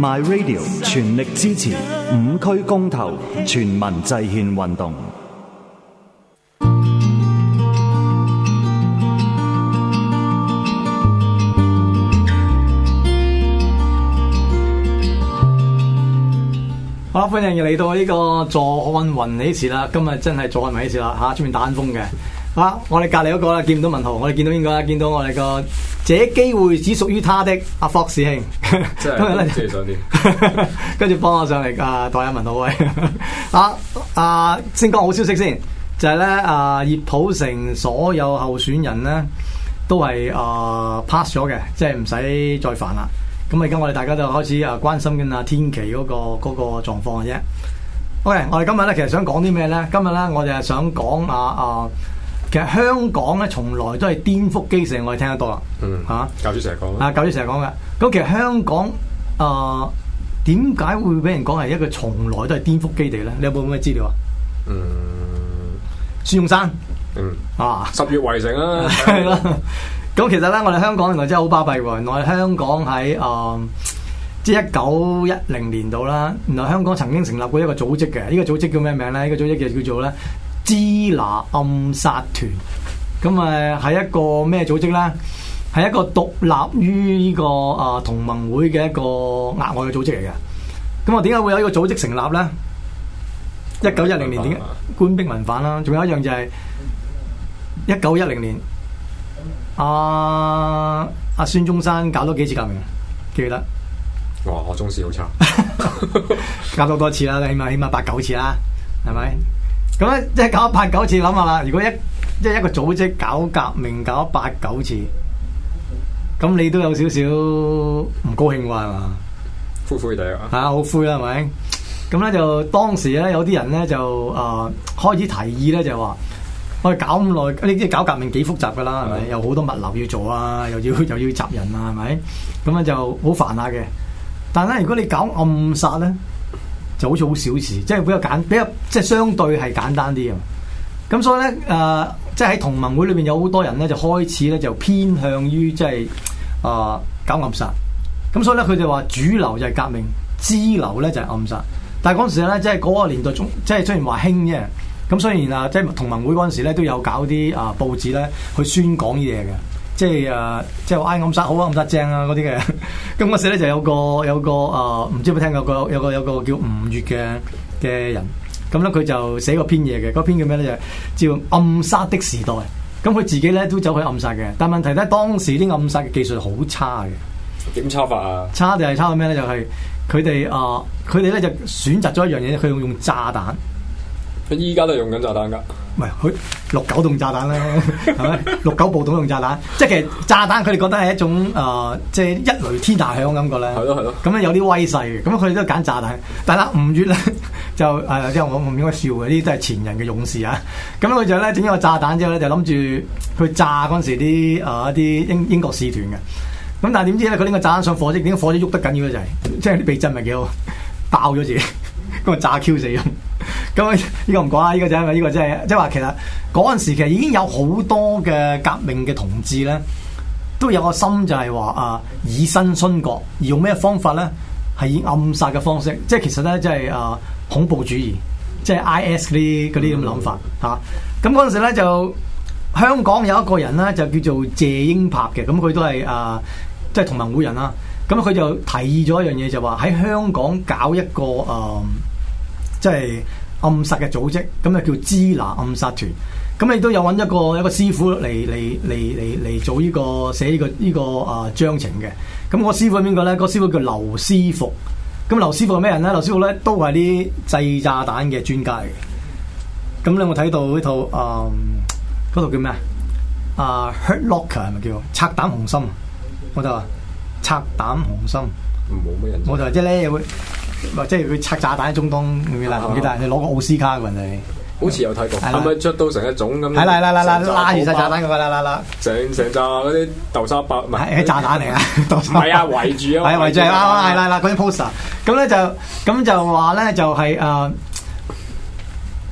My Radio 全力支持五區公投全民制憲運動。好啦，歡迎嚟到呢個坐看雲起時啦，今日真係坐看雲起時啦吓，出、啊、面打緊風嘅。吓、啊，我哋隔籬嗰個啦，見唔到文豪，我哋見到邊個啦？見到我哋個，這機會只屬於他的阿、啊、霍師兄，今日咧跟住幫我上嚟、呃啊，哎、 啊，代下文豪位。啊啊，先講好消息先，就係、是、咧啊，葉普成所有候選人咧都係啊 pass 咗嘅，即係唔使再煩啦。咁啊，而家我哋大家就開始啊關心緊阿天琪嗰、那個嗰、那個狀況嘅啫。OK，我哋今日咧其實想講啲咩咧？今日咧我哋係想講啊啊。其實香港咧從來都係顛覆基地，我哋聽得多啦。嗯，吓、啊，教主成日講。啊，教主成日講嘅。咁其實香港誒點解會俾人講係一個從來都係顛覆基地咧？你有冇咩資料啊？嗯，孫中山。嗯。啊，十月圍城啦。係咯。咁其實咧，我哋香港原來真係好巴閉嘅。原來香港喺誒、呃，即係一九一零年度啦。原來香港曾經成立過一個組織嘅，呢、這個組織叫咩名咧？呢、這個組織就叫，這個、叫做咧。這個支那暗殺團咁誒，係一個咩組織咧？係一個獨立於呢個誒同盟會嘅一個額外嘅組織嚟嘅。咁我點解會有呢個組織成立咧？一九一零年點？官逼民反啦。仲有一樣就係一九一零年阿阿孫中山搞咗幾次革命，記得？哇、哦！我中史好差， 搞咗多次啦，起碼起碼八九次啦，係咪？咁咧，即係搞八九次諗下啦。如果一即係一個組織搞革命搞八九次，咁你都有少少唔高興啩，係嘛？灰灰哋啊！吓，好灰啦，係咪？咁咧就當時咧有啲人咧就啊、呃、開始提議咧就話，我哋搞咁耐，你知搞革命幾複雜噶啦，係咪？吧有好多物流要做啊，又要，是又，要又要集人啊，係咪？咁咧就好煩下嘅。但係咧，如果你搞暗殺咧。就好似好小事，即係比較簡，比較即係相對係簡單啲啊！咁所以咧，誒、呃，即係喺同盟會裏邊有好多人咧，就開始咧就偏向於即係誒、呃、搞暗殺。咁所以咧，佢就話主流就係革命，支流咧就係暗殺。但係嗰陣時咧，即係嗰個年代中，即係雖然話興啫。咁雖然啊，即係同盟會嗰陣時咧都有搞啲啊、呃、報紙咧去宣講啲嘢嘅。即係誒、啊，即係話暗殺好啊，暗殺正啊嗰啲嘅。咁嗰 時咧就有個有個誒，唔、呃、知有冇聽過有個有個有個叫吳越嘅嘅人。咁咧佢就寫過篇嘢嘅，嗰、那個、篇叫咩咧就叫暗殺的時代。咁佢自己咧都走去暗殺嘅，但問題咧當時啲暗殺嘅技術好差嘅。點差法啊？差就係差喺咩咧？就係佢哋誒，佢哋咧就選擇咗一樣嘢，佢用用炸彈。佢依家都用緊炸彈噶，唔係佢六九用炸彈咧，係咪 六九暴動用炸彈？即係其實炸彈佢哋覺得係一種誒，即、呃、係、就是、一雷天大響感覺嘅咧。係咯係咯。咁咧有啲威勢嘅，咁佢哋都揀炸彈。但係咧吳樾咧就誒、啊，即係我唔應該笑嘅，呢啲都係前人嘅勇士啊。咁佢就咧整咗個炸彈之後咧，就諗住去炸嗰陣時啲誒一啲英英國使團嘅。咁但係點知咧佢呢個炸彈上火車，點解火車喐得緊嘅就係、是、即係啲地震咪幾好，爆咗自己，咁 啊炸 Q 死咗。咁呢 個唔講啦，呢、這個就係、是、呢、這個真、就、係、是，即係話其實嗰陣時其實已經有好多嘅革命嘅同志咧，都有個心就係話啊，以身殉國，而用咩方法咧係以暗殺嘅方式，即係其實咧即係啊恐怖主義，即係 I S 嗰啲嗰啲咁諗法吓。咁嗰陣時咧就香港有一個人咧就叫做謝英柏嘅，咁佢都係啊即係、就是、同盟會人啦。咁、啊、佢就提議咗一樣嘢就話喺香港搞一個誒。啊即係暗殺嘅組織，咁就叫支那暗殺團。咁你都有揾一個一個師傅嚟嚟嚟嚟嚟做呢、這個寫呢、這個呢、這個啊章程嘅。咁我師傅係邊個咧？那個師傅叫劉師復。咁劉師復係咩人咧？劉師復咧都係啲製炸彈嘅專家嚟嘅。咁你有冇睇到呢套啊，嗰套叫咩啊？uh,Hurt Locker 係咪叫拆彈雄心？我就話拆彈雄心。冇咩人。我就話即係咧會。即係佢拆炸彈喺中東唔記得，你攞個奧斯卡嘅人嚟，好似有睇過，係咪着到成一種咁樣？係啦係啦係啦，拉住晒炸彈咁個啦啦啦，上成集嗰啲豆沙包唔係係炸彈嚟啊，唔係啊，圍住啊，係圍住啊，係啦啦嗰啲 poster，咁咧就咁就話咧就係誒，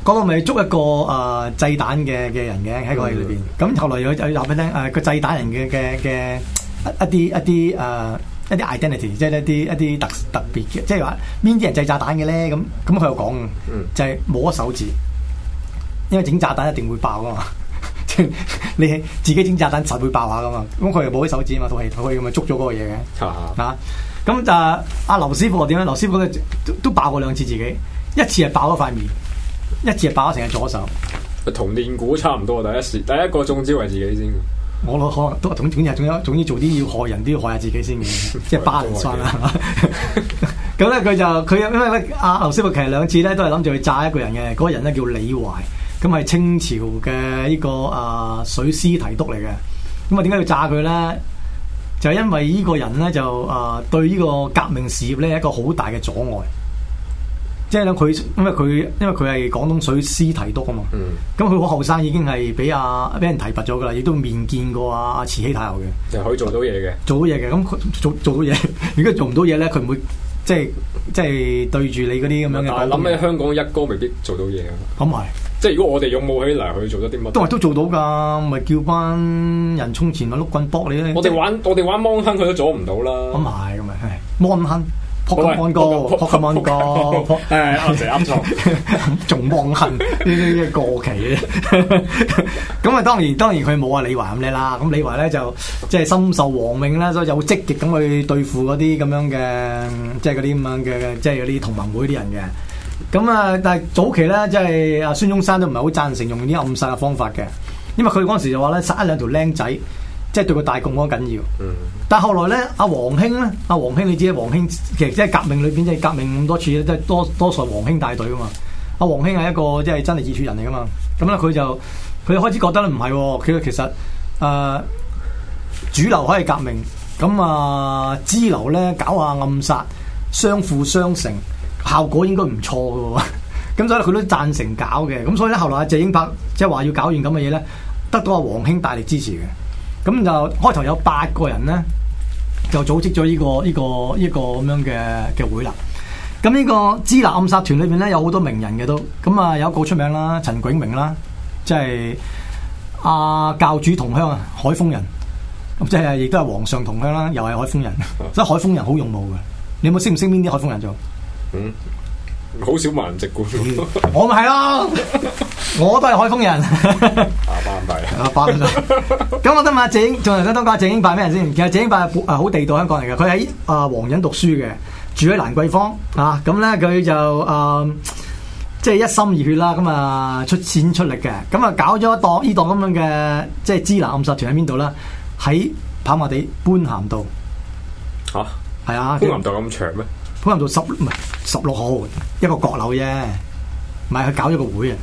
嗰個咪捉一個誒製彈嘅嘅人嘅喺個戲裏邊，咁後來又又話俾你聽誒個製彈人嘅嘅嘅一啲一啲誒。一啲 identity，即係一啲一啲特特別嘅，即係話邊啲人製炸彈嘅咧？咁咁佢有講嘅，嗯、就係冇咗手指，因為整炸彈一定會爆啊嘛！ 你自己整炸彈實會爆下噶嘛？咁佢又冇咗手指啊嘛，套戲套戲咁咪捉咗嗰個嘢嘅、啊啊。啊，咁就阿劉師傅點咧？劉師傅，劉師傅都，都爆過兩次自己，一次係爆咗塊面，一次係爆咗成隻左手。同連鼓差唔多，第一次第一個中招係自己先。我老，可能都總總之係總之總之做啲要害人都要害下自己先嘅， 即係巴人山。啦， 係嘛？咁咧佢就佢因為咧阿劉師復其實兩次咧都係諗住去炸一個人嘅，嗰、那個人咧叫李懷，咁係清朝嘅呢、這個啊、呃、水師提督嚟嘅。咁啊點解要炸佢咧？就因為呢個人咧就啊、呃、對呢個革命事業咧一個好大嘅阻礙。即係佢因為佢因為佢係廣東水師提督啊嘛，咁佢好後生已經係俾阿俾人提拔咗噶啦，亦都面見過阿、啊、慈禧太后嘅、嗯，就可以做到嘢嘅、嗯，做到嘢嘅。咁佢做做到嘢，如果做唔到嘢咧，佢唔會即係即係對住你嗰啲咁樣嘅。但係諗起香港一哥未必做到嘢咁係。是即係如果我哋勇武起嚟，佢做咗啲乜？都係都做到㗎，咪叫班人充錢攞碌棍搏你咧。我哋玩，即玩我哋玩芒亨，佢都阻唔到啦。咁係咁咪係芒亨。Pokemon 哥 Pokemon 哥，誒， 我成日噏錯，仲 望樂恨呢啲嘢過期嘅。咁啊，當然，當然佢冇阿李華咁叻啦。咁李華咧就即係、就是、深受王命啦，所以好積極咁去對付嗰啲咁樣嘅，即係嗰啲咁樣嘅，即係嗰啲同盟會啲人嘅。咁啊，但係早期咧，即係阿孫中山都唔係好贊成用啲暗殺嘅方法嘅，因為佢嗰時就話咧殺一兩條僆仔。即係對個大共嗰緊要，但係後來咧，阿黃興咧，阿黃興你知阿黃興，其實即係革命裏邊即係革命咁多處即都係多多數係黃興帶隊噶嘛。阿黃興係一個即係真係熱血人嚟噶嘛，咁咧佢就佢開始覺得咧唔係佢其實誒、呃、主流可以係革命咁啊、嗯，支流咧搞下暗殺，相輔相成，效果應該唔錯嘅。咁 所以佢都贊成搞嘅。咁所以咧，後來阿謝英伯即係話要搞完咁嘅嘢咧，得到阿黃興大力支持嘅。咁就開頭有八個人咧，就組織咗、這個這個這個、呢個呢個呢個咁樣嘅嘅會啦。咁呢個支那暗殺團裏邊咧，有好多名人嘅都。咁啊，有一個出名啦，陳炯明啦，即係阿、啊、教主同鄉啊，海豐人。咁即係亦都係皇上同鄉啦，又係海豐人。 所以海豐人好勇武嘅。你有冇識唔識邊啲海豐人做？嗯好少盲值嘅，我咪係咯，我都係海豐人。 啊，拜唔拜啊，拜咁我得問阿鄭，仲係得當家鄭英拜咩人先？其實鄭英拜係好地道香港人嘅，佢喺啊黃隱讀書嘅，住喺蘭桂坊啊。咁咧佢就啊，即係一心熱血啦。咁啊出錢出力嘅，咁啊搞咗一檔呢檔咁樣嘅，即係支那暗殺團喺邊度啦？喺跑馬地般咸道啊，係 啊，般咸道咁長咩？般咸道十唔係十六號，一個閣樓啫，唔係佢搞咗個會啊！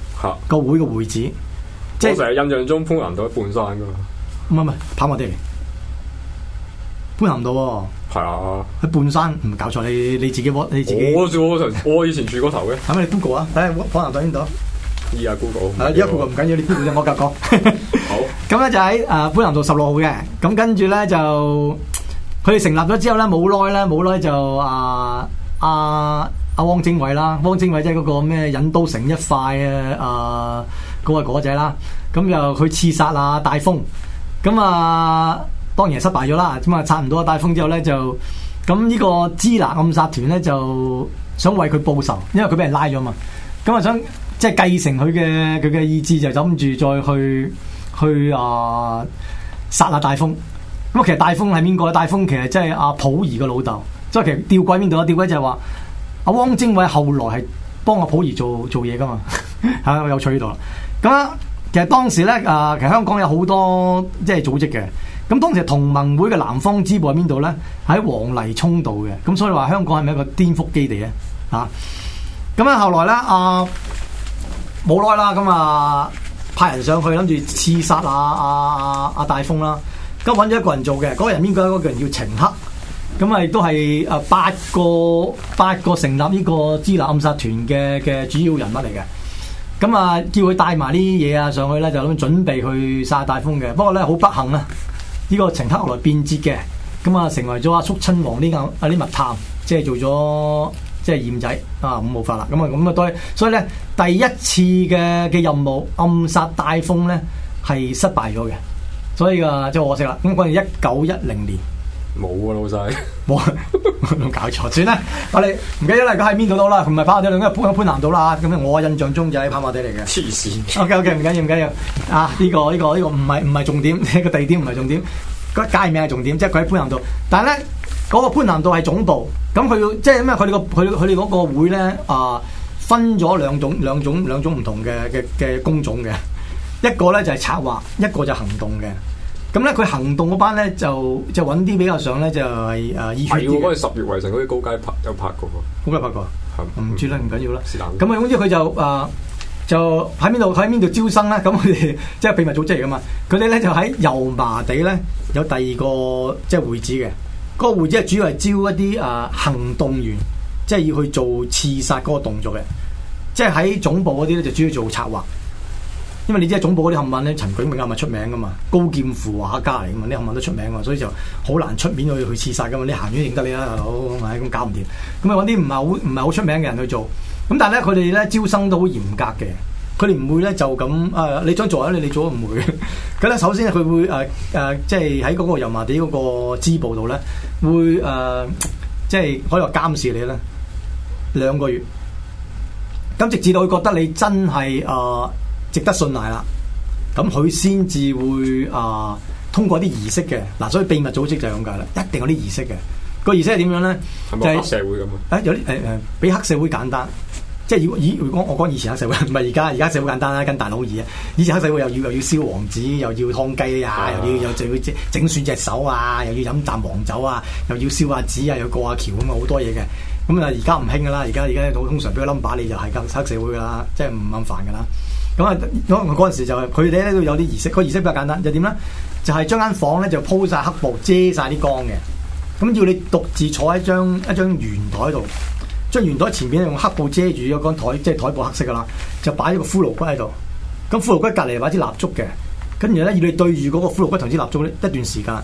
個會個會址，即係我成日印象中般咸道喺半山噶嘛，唔係唔係跑埋啲嚟，般咸道係啊，喺半山唔搞錯，你你自己你自己。我以前住過頭嘅，係咪？你 Google 啊，睇下般咸道喺邊度。依家 Google，依家 Google 唔緊要，你 Google 就我夾角。好，咁咧就喺啊般咸道十六號嘅，咁跟住咧就。佢哋成立咗之後咧，冇耐咧，冇耐就啊啊啊汪精衛啦，汪精衛即係嗰個咩引刀成一快嘅啊嗰個、啊、果仔啦，咁、嗯、就去刺殺啊載灃，咁、嗯、啊當然失敗咗啦，咁、嗯、啊差唔多阿載灃之後咧就，咁、嗯、呢、呢個支那暗殺團咧就想為佢報仇，因為佢俾人拉咗嘛，咁、嗯、啊、嗯、想即係繼承佢嘅佢嘅意志就諗住再去去，去啊殺阿、啊、載灃。咁其實載灃係邊個啊？載灃其實即係阿溥儀嘅老豆，即係其實吊詭邊度啊？吊詭就係話阿汪精衛後來係幫阿溥儀做做嘢㗎嘛，係 咪有趣呢度啦？咁啊，其實當時咧啊，其實香港有好多即係組織嘅，咁當時同盟會嘅南方支部喺邊度咧？喺黃泥涌道嘅，咁所以話香港係咪一個顛覆基地咧？啊，咁啊，後來咧啊，冇耐啦，咁啊，派人上去諗住刺殺啊，阿阿阿載灃啦。咁揾咗一個人做嘅，嗰、嗰個人應該嗰個人叫程克。咁咪都係誒八個八個成立呢個支那暗殺團嘅嘅主要人物嚟嘅。咁啊，叫佢帶埋啲嘢啊上去咧，就咁準備去殺大風嘅。不過咧，好不幸啊，呢、呢個程克後來變節嘅，咁啊成為咗阿肅親王呢咁阿啲密探，即係做咗即係僞仔啊五毛發啦。咁啊咁啊，所以所以咧第一次嘅嘅任務暗殺大風咧係失敗咗嘅。所以噶真係可惜啦。咁我哋一九一零年冇啊老細，冇啊， 搞錯，算啦。我哋唔記得啦，而家喺邊度到啦？唔係跑馬地，而家喺潘南道啦。咁樣我印象中就喺跑馬地嚟嘅。黐線。OK OK，唔緊要唔緊要。啊，呢、這個呢、這個呢、這個唔係唔係重點，呢 個地點唔係重點。個街名係重點，即係佢喺潘南道。但係咧，嗰、那個潘南道係總部。咁佢要即係、就是、因啊、那個？佢哋個佢佢哋個會咧啊、呃，分咗兩種兩種兩種唔同嘅嘅嘅工種嘅。一個咧就係策劃，一個就行動嘅。咁咧佢行動嗰班咧就就揾啲比較上咧就係誒，係如果個十月圍城嗰啲高階拍有拍過，高階拍過，唔知啦，唔緊要啦。咁啊，總之佢就誒就喺邊度喺邊度招生咧、啊？咁佢哋即係秘密組織噶嘛？佢哋咧就喺油麻地咧有第二個即係、就是、會址嘅。嗰、那個會址係主要係招一啲誒行動員，即、就、係、是、要去做刺殺嗰個動作嘅。即係喺總部嗰啲咧就主要做策劃。因為你知總部嗰啲函文咧，陳炯明係咪出名噶嘛？高劍父畫家嚟噶嘛？啲函文都出名嘛，所以就好難出面去去刺殺噶嘛。你行員認得你啦，係咪咁搞唔掂？咁啊揾啲唔係好唔係好出名嘅人去做。咁但係咧，佢哋咧招生都好嚴格嘅，佢哋唔會咧就咁誒、啊，你想做咧、啊、你你做唔、啊啊啊啊、會嘅。咁 咧首先佢會誒誒，即係喺嗰個油麻地嗰個支部度咧，會誒，即、呃、係、就是、可以話監視你咧，兩個月。咁直至到佢覺得你真係誒。呃值得信賴啦，咁佢先至會啊、呃、通過啲儀式嘅嗱，所以秘密組織就係咁解啦。一定有啲儀式嘅個儀式係點樣咧？係、就、咪、是、黑社會咁啊、哎？有啲誒誒，比黑社會簡單，即係以以如果我講以前黑社會唔係而家而家社會簡單啦，跟大佬而啊。以前黑社會又要又要燒黃紙，又要劏雞呀、啊啊，又要又整整損隻手啊，又要飲啖黃酒啊，又要燒下、啊、紙啊，又要過下、啊、橋咁啊，好多嘢嘅咁啊。而家唔興噶啦，而家而家通常俾個 number 你就係咁黑社會噶啦，即係唔咁煩噶啦。咁啊，嗰陣時就係佢哋咧都有啲儀式，個儀式比較簡單，就點咧？就係、是、將間房咧就鋪晒黑布，遮晒啲光嘅。咁要你獨自坐喺張一張圓台度，將圓台前面用黑布遮住，嗰張台即係台布黑色噶啦，就擺咗個骷髏骨喺度。咁骷髏骨隔離擺支蠟燭嘅，咁然後咧要你對住嗰個骷髏骨同支蠟燭咧一段時間。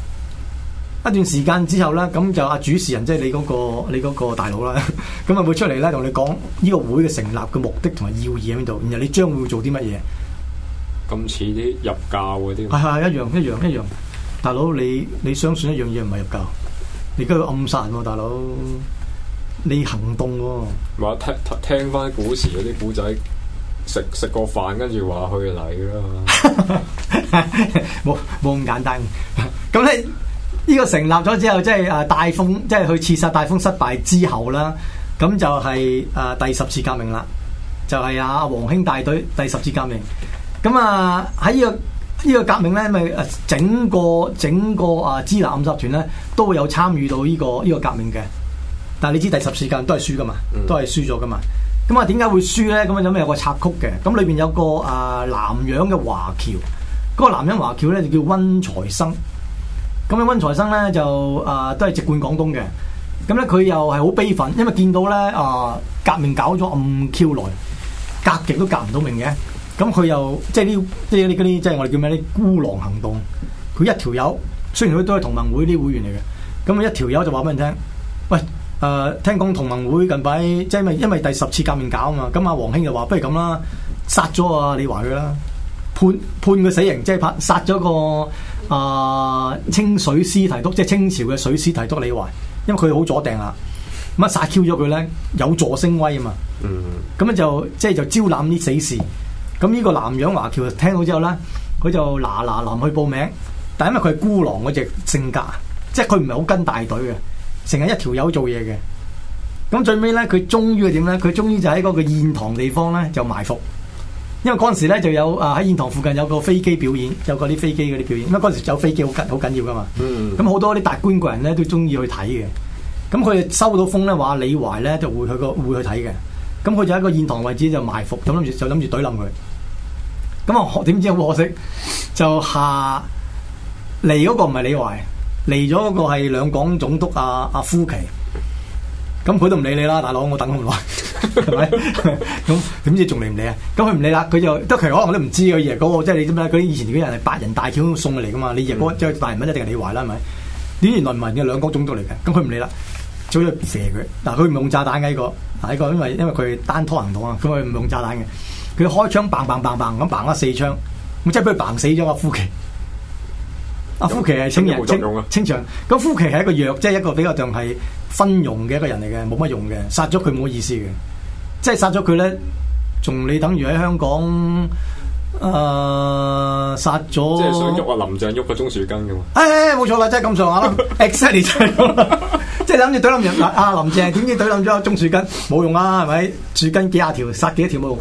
一段時間之後咧，咁就阿主持人，即係你嗰個你嗰個大佬啦，咁會唔會出嚟咧，同你講呢個會嘅成立嘅目的同埋要義喺邊度？然後你將會做啲乜嘢？咁似啲入教嗰啲，係係係一樣一樣一樣。大佬，你你相信一樣嘢唔係入教？你而家要暗殺人喎，大佬，你行動喎，啊。唔係聽聽翻古時嗰啲古仔，食食個飯，跟住話去禮啦嘛，冇冇咁簡單。咁 你？呢個成立咗之後，即係誒大風，即係去刺殺大風失敗之後啦，咁就係誒第十次革命啦，就係阿黃興大隊第十次革命。咁啊喺呢個呢、這個革命咧，咪誒整個整個啊支那暗殺團咧都會有參與到呢、這個呢、這個革命嘅。但係你知第十次革命都係輸噶嘛，嗯、都係輸咗噶嘛。咁啊點解會輸咧？咁啊有咩有個插曲嘅？咁裏邊有個誒南洋嘅華僑，嗰、那個南洋華僑咧就叫溫財生。咁嘅温財生咧就啊、呃、都係籍貫廣東嘅，咁咧，佢又係好悲憤，因為見到咧啊、呃、革命搞咗咁 Q 耐，革極都革唔到命嘅。咁佢又即係啲啲嗰啲即係我哋叫咩啲孤狼行動，佢一條友雖然佢都係同盟會啲會員嚟嘅，咁啊一條友就話俾你聽，喂誒、呃、聽講同盟會近排即係因為因為第十次革命搞啊嘛，咁啊黃興就話不如咁啦，殺咗啊李華佢啦。判判個死刑，即係拍殺咗個啊、呃、清水師提督，即係清朝嘅水師提督李懷，因為佢好阻定啊，咁啊殺 Q 咗佢咧，有助聲威啊嘛。咁咧、mm hmm. 就即係就招攬啲死士。咁呢個南洋華僑聽到之後咧，佢就嗱嗱臨去報名，但係因為佢係孤狼嗰隻性格，即係佢唔係好跟大隊嘅，成日一條友做嘢嘅。咁最尾咧，佢終於係點咧？佢終於就喺嗰個燕塘地方咧就埋伏。因為嗰陣時咧就有啊喺燕塘附近有個飛機表演，有嗰啲飛機嗰啲表演。因為嗰陣時走飛機好緊好緊要噶嘛，咁好、嗯嗯、多啲達官貴人咧都中意去睇嘅。咁佢收到風咧，話李懷咧就會去個會去睇嘅。咁佢就喺個燕塘位置就埋伏，就諗住就諗住懟冧佢。咁啊點知好可惜就下嚟，嗰個唔係李懷嚟，咗嗰個係兩廣總督阿阿孚琦。咁佢都唔理你啦，大佬，我等咁耐，係咪？咁點知仲理唔理啊？咁佢唔理啦，佢就都其實可能我都唔知嘅嘢嗰個，即係你知唔知啊？以前嗰啲人係八人大轎送嚟噶嘛？你贏，即係大人物一定係你壞啦，係咪？啲原來唔係嘅兩國總統嚟嘅，咁佢唔理啦，早去射佢。嗱，佢唔用炸彈，呢個呢個，因為因為佢單拖行動啊，咁佢唔用炸彈嘅，佢開槍棒棒棒棒，咁棒咗四槍，咁即係俾佢棒死咗阿夫奇。阿夫奇係清人，清清場。咁夫奇係一個弱，即係一個比較像係，昏庸嘅一個人嚟嘅，冇乜用嘅，殺咗佢冇意思嘅，即係殺咗佢咧，仲你等於喺香港誒殺咗，呃、即係想喐啊林鄭喐個鍾樹根嘅嘛，誒冇錯啦，錯真 Exactly. 即係咁上下咯，exactly，即係諗住懟冧林鄭，阿、 啊、林鄭點知懟冧咗個鍾樹根，冇用啊，係咪？樹根幾廿條，殺幾多條冇用，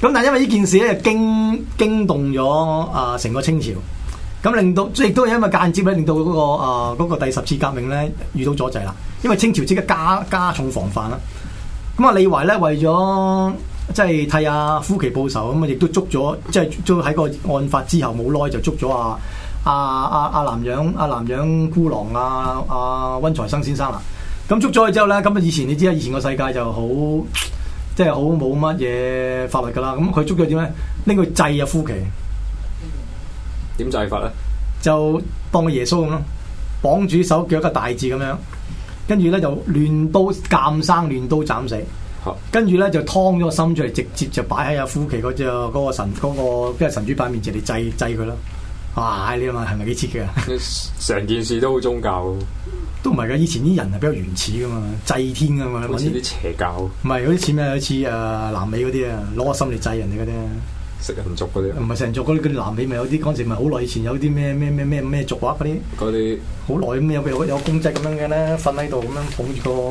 咁但係因為呢件事咧，驚驚動咗啊成個清朝。咁令到即係亦都係因為間接咧，令到嗰、嗰個啊、呃嗰個第十次革命咧遇到阻滯啦。因為清朝即刻加加重防範啦。咁啊，李華咧為咗即係替阿孚琦報仇，咁啊亦都捉咗，即係捉喺個案發之後冇耐就捉咗阿阿阿阿南洋阿南洋孤狼啊、阿、啊、温、啊啊啊啊啊、才生先生啦。咁捉咗佢之後咧，咁啊以前你知啦，以前個世界就好即係好冇乜嘢法律噶啦。咁佢捉咗點咧？拎佢祭阿孚琦。點祭法咧？就當個耶穌咁咯，綁住手腳個大字咁樣，跟住咧就亂刀斬生，亂刀斬死，跟住咧就劏咗個心出嚟，直接就擺喺阿夫奇嗰隻個神嗰、嗰個即係、嗰個、神主牌面前嚟祭祭佢咯。哇！你啊嘛，係咪幾刺激啊？成件事都好宗教、啊，都唔係噶。以前啲人係比較原始噶嘛，祭天噶嘛，好似啲邪教。唔係，有啲似咩？有啲似誒南美嗰啲啊，攞個心嚟祭人哋嗰啲。.食人族嗰啲？唔係食人族嗰啲，嗰啲南美咪有啲，嗰陣時咪好耐以前有啲咩咩咩咩咩族啊嗰啲。嗰啲好耐咁有有，有公仔咁樣嘅咧，瞓喺度咁樣捧住個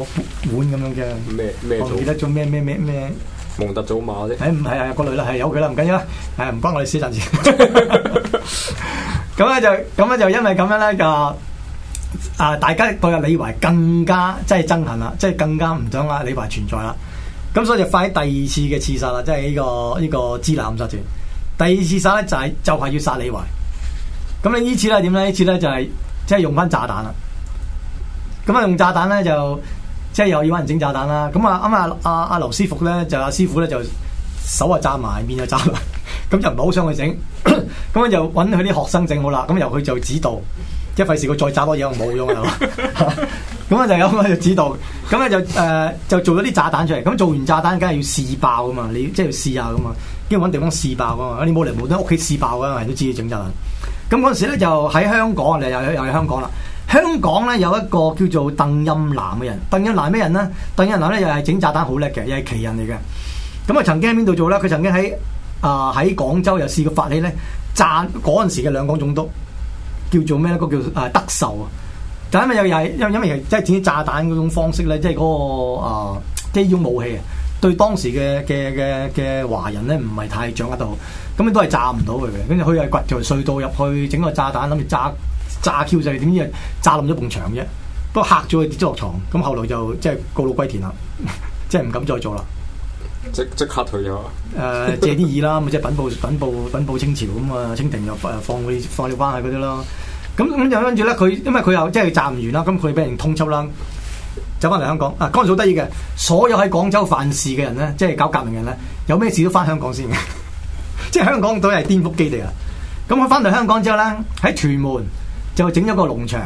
碗咁樣嘅。咩咩？我記得咗咩咩咩咩？蒙特祖馬啫。誒唔係啊，個、哎、女、哎哎、啦，係有佢啦，唔緊要啦，係唔關我哋寫字。咁咧 就咁咧就因為咁樣咧就啊大家對阿李懷更加即係憎恨啦，即係更加唔想阿李懷存在啦。咁、嗯、所以就快喺第二次嘅刺殺啦，即係呢、呢個呢、呢個支那暗殺團第二次殺咧就係就係要殺李壞，咁你呢次咧點咧？呢次咧就係即係用翻炸彈啦。咁啊用炸彈咧就即係又要揾人整炸彈啦。咁啊啱啊阿啊劉師傅咧就阿師傅咧就手啊炸埋面又炸埋，咁就唔係好想去整，咁啊就揾佢啲學生整好啦。咁由佢做指導。一費事佢再炸多嘢，又冇用啊！咁啊就有，啊就知道，咁咧就誒就做咗啲炸彈出嚟。咁做完炸彈，梗係要試爆啊嘛！你即係試下咁嘛，跟住揾地方試爆啊嘛！你冇嚟冇，得屋企試爆嘛，人都知整炸彈。咁嗰陣時咧，就喺香港，嚟又又喺香港啦。香港咧有一個叫做鄧蔭南嘅人，鄧蔭南咩人咧？鄧蔭南咧又係整炸彈好叻嘅，又係奇人嚟嘅。咁啊曾經喺邊度做咧？佢曾經喺啊喺廣州又試過發起咧炸嗰陣時嘅兩廣總督，叫做咩咧？嗰叫啊德壽啊！但因為又又因為其實即係整啲炸彈嗰種方式咧，即係嗰個啊即係依種武器啊，對當時嘅嘅嘅嘅華人咧唔係太掌握到，咁你都係炸唔到佢嘅。跟住佢又掘條隧道入去，整個炸彈諗住炸炸 Q 仔，點、就是、知炸冧咗埲牆啫。不過嚇咗佢跌咗落床，咁後來就即係、就是、告老歸田啦，即係唔敢再做啦。即即刻退咗啊！借啲意啦，咁即係稟報稟報稟報清朝咁啊，清廷又放佢放了關係嗰啲咯。咁咁就跟住咧，佢因為佢又即係賺唔完啦，咁佢俾人通緝啦，走翻嚟香港啊！嗰陣時好得意嘅，所有喺廣州犯事嘅人咧，即係搞革命人咧，有咩事都翻香港先嘅。 即係香港對係顛覆基地啊！咁佢翻嚟香港之後咧，喺屯門就整咗個農場。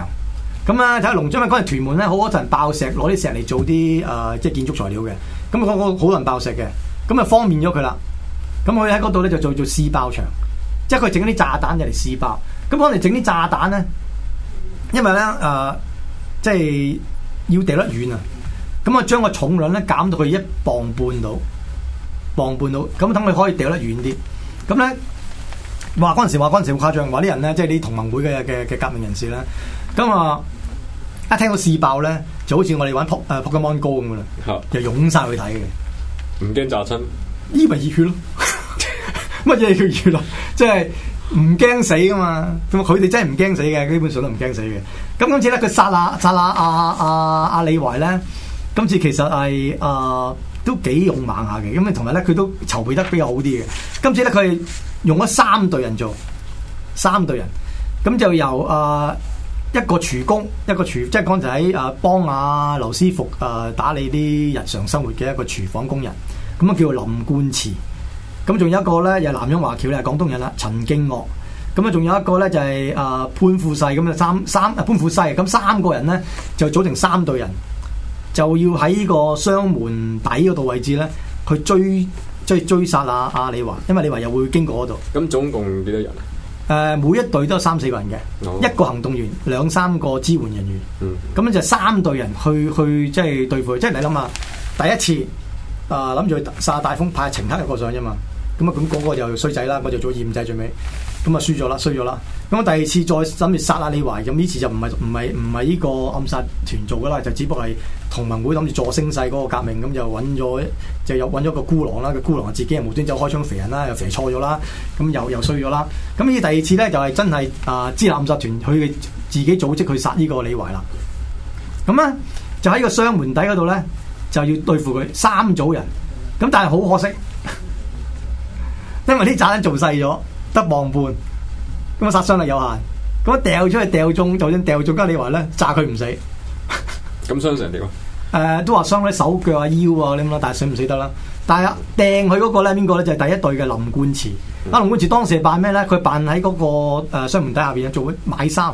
咁啊睇下農場，因為嗰陣屯門咧好多人爆石，攞啲石嚟做啲誒、呃、即係建築材，材料嘅。咁我我好難爆食嘅，咁啊方便咗佢啦。咁佢喺嗰度咧就做做試爆場，即係佢整啲炸彈嚟試爆。咁可能整啲炸彈咧，因為咧誒、呃，即係要掉得遠啊。咁啊，將個重量咧減到佢一磅半到，磅半到。咁等佢可以掉得遠啲。咁咧，話嗰陣時話嗰陣時好誇張，話啲人咧即係啲同盟會嘅嘅嘅革命人士咧，咁啊。呃一聽到試爆咧，就好似我哋玩撲誒 Pokemon Go 咁噶啦，好又湧晒去睇嘅，唔驚炸親，呢咪熱血咯？乜 嘢叫熱血、啊？即係唔驚死噶嘛？咁佢哋真係唔驚死嘅，基本上都唔驚死嘅。咁今次咧，佢殺啦殺啦阿阿阿李懷咧，今次其實係誒、啊、都幾勇猛下嘅，咁為同埋咧佢都籌備得比較好啲嘅。今次咧佢用咗三隊人做，三隊人咁就由阿。啊一個廚工，一個廚，即係講就喺誒幫阿劉師復誒、呃、打理啲日常生活嘅一個廚房工人，咁啊叫做林冠慈，咁仲有一個咧又南洋華僑嚟，廣東人啦陳敬岳，咁啊仲有一個咧就係、是、誒、呃、潘富世，咁啊三三誒潘富世，咁三個人咧就組成三隊人，就要喺呢個雙門底嗰度位置咧去追即追殺阿阿李華，因為李華又會經過嗰度。咁總共幾多人，啊？誒、呃，每一隊都有三四個人嘅，oh. 一個行動員，兩三個支援人員，咁、mm hmm. 樣就三隊人去去即係對付佢。即係你諗下，第一次啊諗住去殺大風派晴天一個相啫嘛。咁啊，咁嗰個就衰仔啦，我、那個、就做二五仔最尾，咁啊輸咗啦，衰咗啦。咁第二次再諗住殺阿李華，咁呢次就唔係唔係唔係呢個暗殺團做噶啦，就只不過係。同盟會諗住助聲勢嗰個革命，咁就揾咗，就有揾咗個孤狼啦。個孤狼自己又無端端開槍，肥人啦，又肥錯咗啦，咁又又衰咗啦。咁呢第二次咧，就係、是、真係啊，支那暗殺團佢自己組織去殺呢個李懷啦。咁咧就喺個雙門底嗰度咧，就要對付佢三組人。咁但係好可惜，因為啲炸彈做細咗，得磅半，咁啊殺傷力有限。咁一掉出去掉中，就算掉中懷，呢，加李懷咧炸佢唔死。咁傷成點啊？誒都話傷咧手腳啊腰啊嗰啲咁啦，但係死唔死得啦？但係掟佢嗰個咧，邊個咧就係第一隊嘅林冠慈。阿林冠慈當時係扮咩咧？佢扮喺嗰個商門底下邊做買衫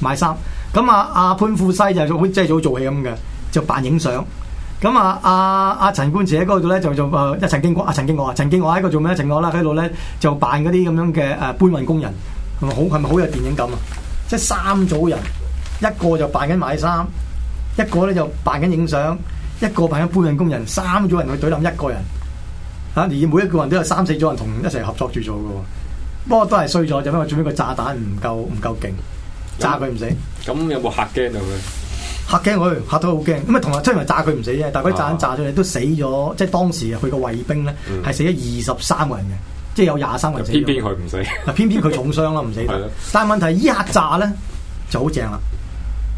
買衫。咁啊阿潘富西就早即係早做戲咁嘅，就扮影相。咁啊阿阿陳冠慈喺嗰度咧就做誒一陳經國。阿陳經國啊，陳經國喺嗰度做咩咧？陳經國啦喺度咧就扮嗰啲咁樣嘅誒搬運工人，係咪好係咪好有電影感啊？即係三組人，一個就扮緊買衫，一個咧就扮緊影相，一個扮緊搬運工人，三組人去懟冧一個人，吓、啊！而每一個人都有三四組人一同一齊合作住做嘅。不過都係衰咗，就因為做屘個炸彈唔夠唔夠勁，那炸佢唔死。咁有冇嚇驚到佢？嚇驚佢，嚇到好驚。咁啊，同埋即係咪炸佢唔死啫？但嗰個炸炸咗嚟都死咗，即係當時啊，佢個衛兵咧係死咗二十三個人嘅，即係有廿三個人死。偏偏佢唔死。偏偏佢重傷啦，唔死。但係問題依下炸咧就好正啦。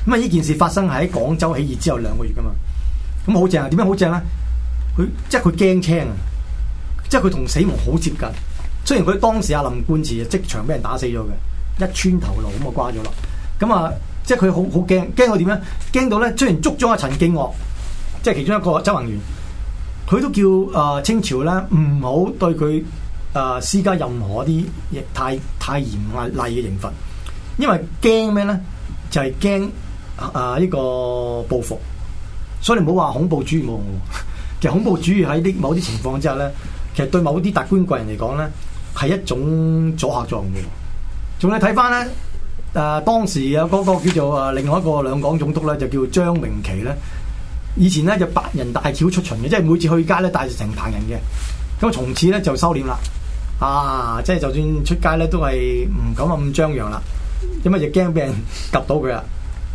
咁啊！呢件事發生喺廣州起義之後兩個月噶嘛，咁好正啊！點樣好正咧？佢即係佢驚青啊！即係佢同死亡好接近。雖然佢當時阿林冠慈就即場俾人打死咗嘅，一穿頭腦咁啊瓜咗啦。咁、嗯、啊、嗯，即係佢好好驚，驚到點樣？驚到咧，雖然捉咗阿陳敬岳，即係其中一個執行員，佢都叫啊、呃、清朝咧唔好對佢啊施加任何啲亦太太嚴啊厲嘅刑罰，因為驚咩咧？就係驚。啊！呢，這個報復，所以你唔好話恐怖主義冇用。其實恐怖主義喺啲某啲情況之下咧，其實對某啲達官貴人嚟講咧，係一種阻嚇作用嘅。仲要睇翻咧，誒、啊、當時有、那、嗰個叫做誒另外一個兩廣總督咧，就叫張鳴岐咧。以前咧就八人大轎出巡嘅，即係每次去街咧帶成排人嘅。咁從此咧就收斂啦。啊，即係就算出街咧都係唔敢咁張揚啦，因為亦驚俾人及到佢啦。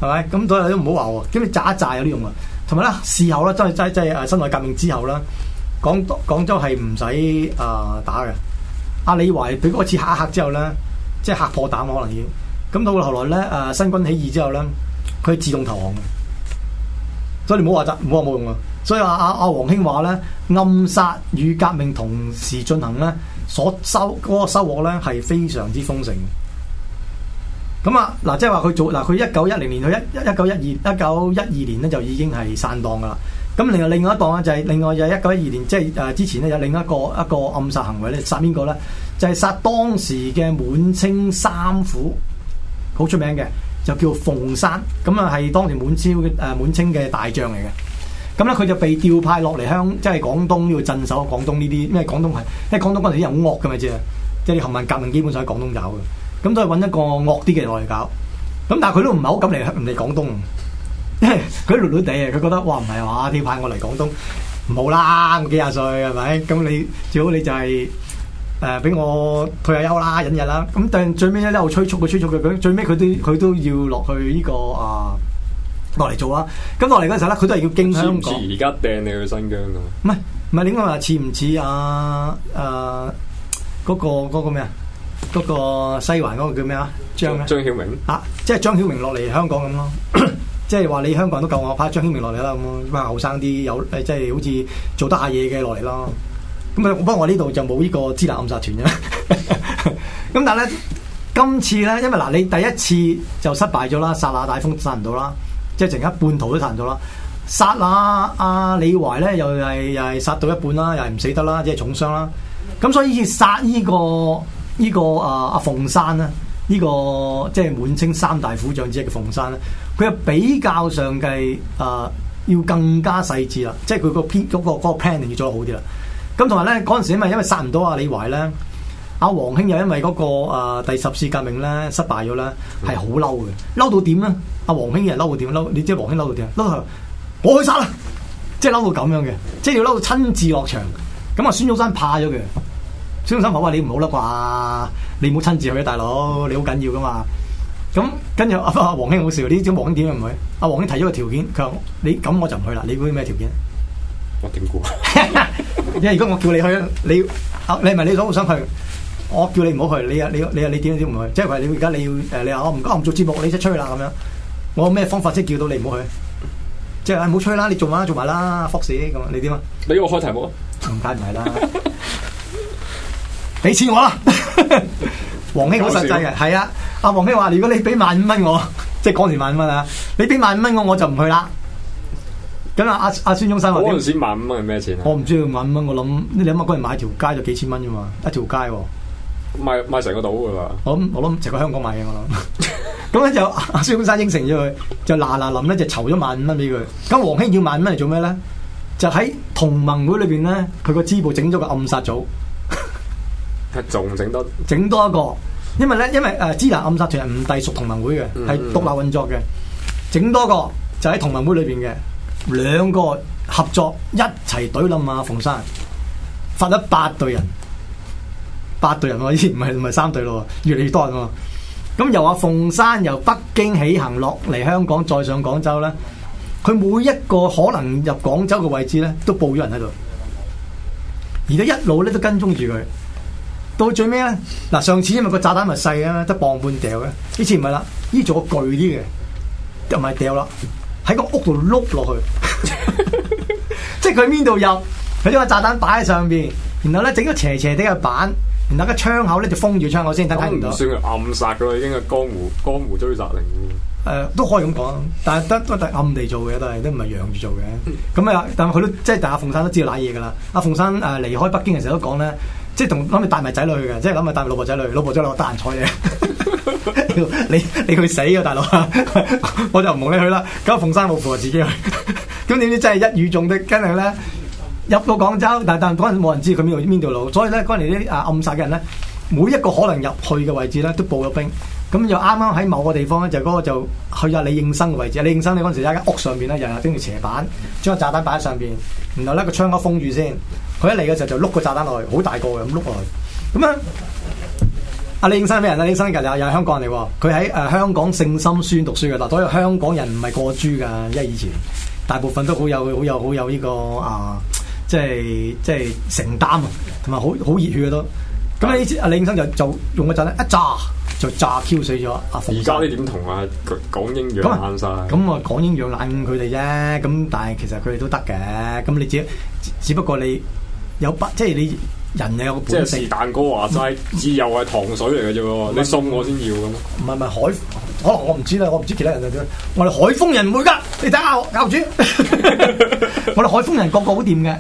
係咪？咁所以都唔好話喎，咁你炸一炸有啲用啊。同埋咧，事後咧，真係真係即係啊，辛亥革命之後啦，廣廣州係唔使啊打嘅。阿李懷俾嗰次吓一吓之後咧，即係嚇破膽可能要。咁到後來咧，啊新軍起義之後咧，佢自動投降嘅。所以你唔好話窒，唔好話冇用啊。所以話阿阿黃興話咧，暗殺與革命同時進行咧，所收嗰個收穫咧係非常之豐盛。咁啊，嗱，即係話佢做，嗱，佢一九一零年，到一一九一二一九一二年咧就已經係散檔噶啦。咁另外另外一檔啊，就係另外就係一九一二年，即係誒之前咧有另一個一個暗殺行為咧，殺邊個咧？就係，是，殺當時嘅滿清三虎，好出名嘅，就叫鳳山。咁啊，係當時滿洲嘅誒滿清嘅大將嚟嘅。咁咧佢就被調派落嚟香，即，就，係，是，廣東要鎮守廣東呢啲咩？廣東係，因為廣東嗰啲人好惡嘅，咪啫。即係你革命革命基本上喺廣東走嘅。咁都係揾一個惡啲嘅人落嚟搞，咁但係佢都唔係好敢嚟，唔嚟廣東。佢攣攣地啊！佢覺得哇，唔係話調派我嚟廣東唔好啦，我幾廿歲係咪？咁你最好你就係誒俾我退下休啦，忍日啦。咁但最尾一路催促佢，催促佢咁，最尾佢都佢都要落去呢、呢個啊落嚟做啦。咁落嚟嗰陣時候咧，佢都係要經香港，而家掟你去新疆㗎？唔係唔係，應該話似唔似啊？誒嗰個咩啊？嗰個嗰個嗰個西環嗰個叫咩啊？張咩？張，張曉明啊，即係張曉明落嚟香港咁咯，即係話你香港人都夠我，我怕張曉明落嚟啦咁咯，後生啲有誒，即係好似做得下嘢嘅落嚟咯。咁啊，不過我呢度就冇呢個支那暗殺團啫。咁但係咧，今次咧，因為嗱你第一次就失敗咗啦，殺阿大風殺唔到啦，即係成一半途都殺唔到啦。殺阿、啊、阿、啊、李懷咧，又係又係殺到一半啦，又係唔死得啦，即係重傷啦。咁所以殺呢、呢個。呢、這個啊阿鳳山咧，呢、這個即係滿清三大虎將之一嘅鳳山咧，佢又比較上計啊、呃，要更加細緻啦，即係佢個篇個 P, 個 plan 要做得好啲啦。咁同埋咧，嗰陣時啊嘛，因為殺唔到阿李懷咧，阿黃興又因為嗰、那個啊第十次革命咧失敗咗啦，係好嬲嘅，嬲到點咧？阿黃興又嬲到點？嬲，你知黃興嬲到點啊？嬲到我去殺啦，即係嬲到咁樣嘅，即係要嬲到親自落場。咁啊，孫中山怕咗佢。張生，我話你唔好啦啩，你唔好親自去啊，大佬，你好緊要噶嘛。咁跟住阿黃兄好笑啲咁網點唔去？阿、啊、黃兄提咗個條件，佢話你咁我就唔去啦。你估咩條件？我點估？」因為如果我叫你去，你啊你唔係你想唔想去？我叫你唔好去，你啊你你啊你點都唔去？即係話你而家你要誒你話、哦、我唔我唔做節目，你即係出去啦咁樣。我有咩方法先叫到你唔好去？即係唔好吹去啦，你做埋做埋啦，服屎咁你點啊？你要我開題目？唔係唔係啦。俾錢我啦， 黃興好實際嘅。係啊，阿黃興話：如果你俾萬五蚊我，即係港元萬五蚊啊！啊你俾萬五蚊我，我就唔去啦。咁啊，阿阿孫中山話：嗰陣時萬五蚊係咩錢啊？我唔知要萬五蚊，我諗你諗下，個人買條街就幾千蚊啫嘛，一條街。買買成個島噶嘛？咁我諗成個香港買嘢我諗。咁 咧就阿孫、啊、中山應承咗佢，就嗱嗱淋咧就籌咗萬五蚊俾佢。咁黃興要萬五蚊嚟做咩咧？就喺同盟會裏邊咧，佢個支部整咗個暗殺組。仲整多整多一個，因為咧，因為誒，支那暗殺團係唔隸屬同盟會嘅，係獨立運作嘅。整多個就喺同盟會裏邊嘅兩個合作一齊懟冧啊。鳳山發咗八隊人，八隊人喎，依家唔係唔係三隊咯，越嚟越多人噶嘛。咁由阿鳳山由北京起行落嚟香港，再上廣州咧，佢每一個可能入廣州嘅位置咧，都佈咗人喺度，而家一路咧都跟蹤住佢。到最尾咧，嗱上次因為個炸彈咪細啊，得磅半掉嘅。呢次唔係啦，呢做個巨啲嘅，唔係掉啦，喺個屋度碌落去。即係佢邊度入？佢呢個炸彈擺喺上邊，然後咧整咗斜斜啲嘅板，然後個窗口咧就封住窗口先。睇唔到。算佢暗殺噶啦，已經係江湖江湖追殺令嘅。都可以咁講， 但係都都暗地做嘅，但 但都係都唔係揚住做嘅。咁啊，但係佢都即係阿馮山都知道瀨嘢噶啦。阿馮山誒離開北京嘅時候都講咧。即係同諗住帶埋仔女去嘅，即係諗住帶埋老婆仔女，老婆仔女我得閑坐嘢。 你你去死啊，大佬！ 我就唔同你去啦，咁阿鳳山老婆自己去。咁點知真係一語中的，跟住咧入到廣州，但但嗰陣冇人知佢邊度邊條路，所以咧嗰陣時啲啊暗殺嘅人咧，每一個可能入去嘅位置咧都布咗兵。咁又啱啱喺某個地方咧，就嗰、是、個就去咗李應生嘅位置，李應生你嗰陣時喺間屋上邊咧，又係拎住斜板，將個炸彈擺喺上邊，然後咧個窗口封住先。佢一嚟嘅時候就碌個炸彈落去，好大個嘅咁碌落去。咁啊，阿李應生係咩人啊？李應生其實又係香港人嚟。佢喺誒香港聖心書院讀書嘅。嗱，所有香港人唔係個豬噶，因為以前大部分都好有、好有、好有呢、這個啊，即係即係承擔啊，同埋好好熱血嘅都。咁你阿李應生就就用個炸彈一炸就炸 Q 死咗阿鳳。啊，而家你點同啊講英鷹養懶晒？咁我講英養懶佢哋啫。咁但係其實佢哋都得嘅。咁你只只，只不過你。有不即係你人又有個本性，是蛋糕話齋，自由係糖水嚟嘅啫喎。嗯、你送我先要咁。唔係唔係海，可能我唔知啦，我唔知，我知其他人係點樣。我哋海豐人唔會噶，你睇下我，教主， 我哋海豐人個個好掂嘅，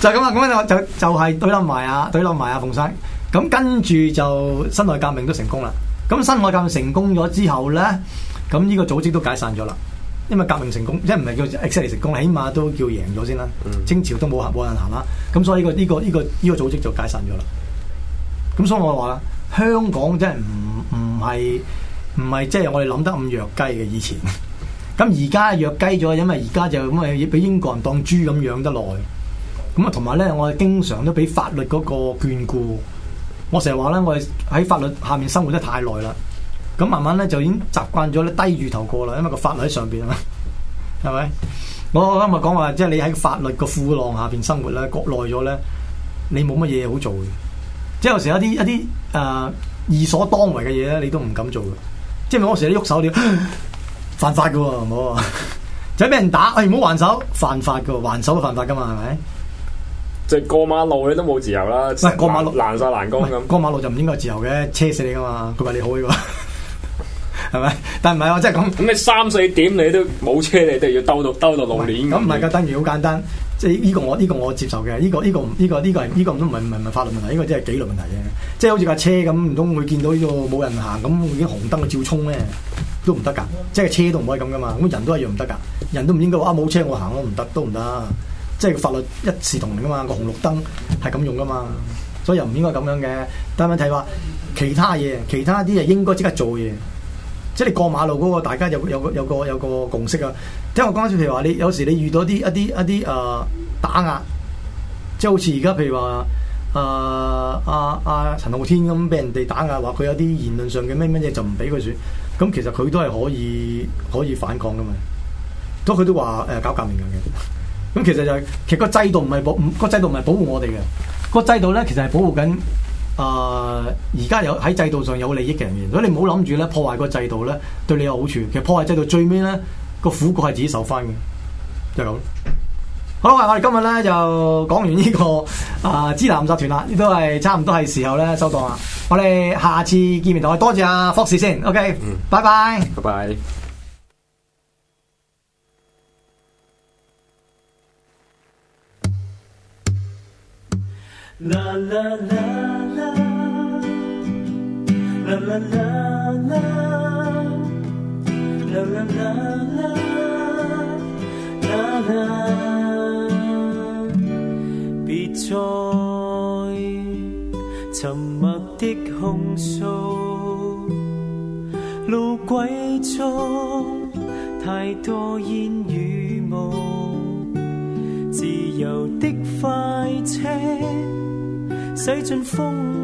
就係咁啦。咁樣就是、對對 io, 就係懟冧埋啊，懟冧埋啊，鳳山。咁跟住就辛亥革命都成功啦。咁辛亥革命成功咗之後咧，咁呢個組織都解散咗啦。因為革命成功，即唔係叫 exactly 成功，起碼都叫贏咗先啦。嗯、清朝都冇行冇人行啦，咁所以、呢個、呢個、呢個、呢個組織就解散咗啦。咁所以我話啦，香港真係唔唔係唔係即係我哋諗得咁弱雞嘅以前。咁而家弱雞咗，因為而家就咁啊，俾英國人當豬咁養得耐。咁啊，同埋咧，我哋經常都俾法律嗰個眷顧。我成日話咧，我哋喺法律下面生活得太耐啦。咁慢慢咧就已經習慣咗咧低住頭過啦，因為個法律喺上邊吖嘛，係咪？我啱啱講話即係你喺法律個褲浪下邊生活咧，過耐咗咧，你冇乜嘢好做嘅。即係有時候一啲一啲誒，義、呃、所當為嘅嘢咧，你都唔敢做嘅。即係我有時喐手了，犯法嘅喎。就俾人打，哎、唔好還手，犯法嘅，還手都犯法噶嘛，係咪？即係過馬路你都冇自由啦，唔係、哎、過馬路爛晒欄杆咁，過馬路就唔應該自由嘅，車死你噶嘛，佢話你好嘅。係咪？但唔係喎，即係咁咁，你三四點，你都冇車，你都要兜到兜到六年咁？唔係噶，等於好簡單，即係依個我依個我接受嘅。依個依個依個依個係依個都唔係唔係唔係法律問題，依個即係紀律問題啫。即係好似架車咁，唔通會見到呢個冇人行咁，已經紅燈照衝咧都唔得㗎。即係車都唔可以咁噶嘛。咁人都係一樣唔得㗎，人都唔應該話啊冇車我，我行我唔得，都唔得。即係法律一視同仁㗎嘛。個紅綠燈係咁用㗎嘛，所以又唔應該咁樣嘅。但問題話其他嘢，其他啲嘢應該即刻做嘢。即係你過馬路嗰個，大家有有個有個有個共識啊！聽我講下先，譬如話你有時你遇到啲一啲一啲誒打壓，即係好似而家譬如話啊啊啊陳浩天咁俾人哋打壓，話佢有啲言論上嘅咩咩嘢就唔俾佢選，咁其實佢都係可以可以反抗噶嘛。都佢都話誒搞革命咁嘅，咁其實就係、是、其實個制度唔係保、個制度唔係保護我哋嘅，個制度咧其實係保護緊。啊！而家，呃、有喺制度上有利益嘅人，如果你唔好諗住咧破壞個制度咧，對你有好處。其實破壞制度最尾咧，個苦果係自己受翻嘅，就咁。好啦，我哋今日咧就講完呢、這個啊，支那集團啦，亦都係差唔多係時候咧收檔啦。我哋下次見面再，多謝阿、啊、霍士先，OK，嗯、拜拜，拜拜。拜拜 嗯啦啦啦啦，啦啦啦啦，啦啦，別再沉默的控訴，路軌中太多煙雨霧，自由的快車駛進風。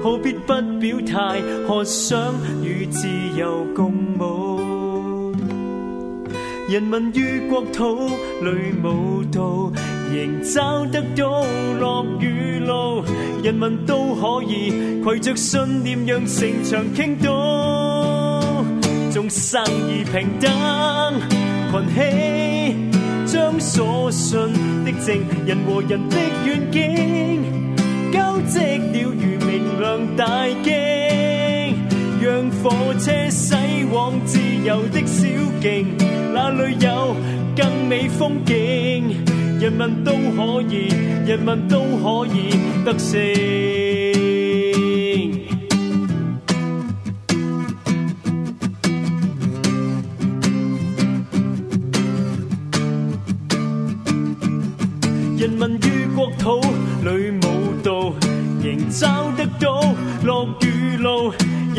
何必不表態？何想與自由共舞？人民於國土裏舞蹈，仍找得到樂與怒。人民都可以攜着信念，讓城牆傾倒。眾生而平等，群起將所信的正人和人的遠景。交織了如明亮大鏡，讓火車駛往自由的小徑，那裏有更美風景？人民都可以，人民都可以得勝。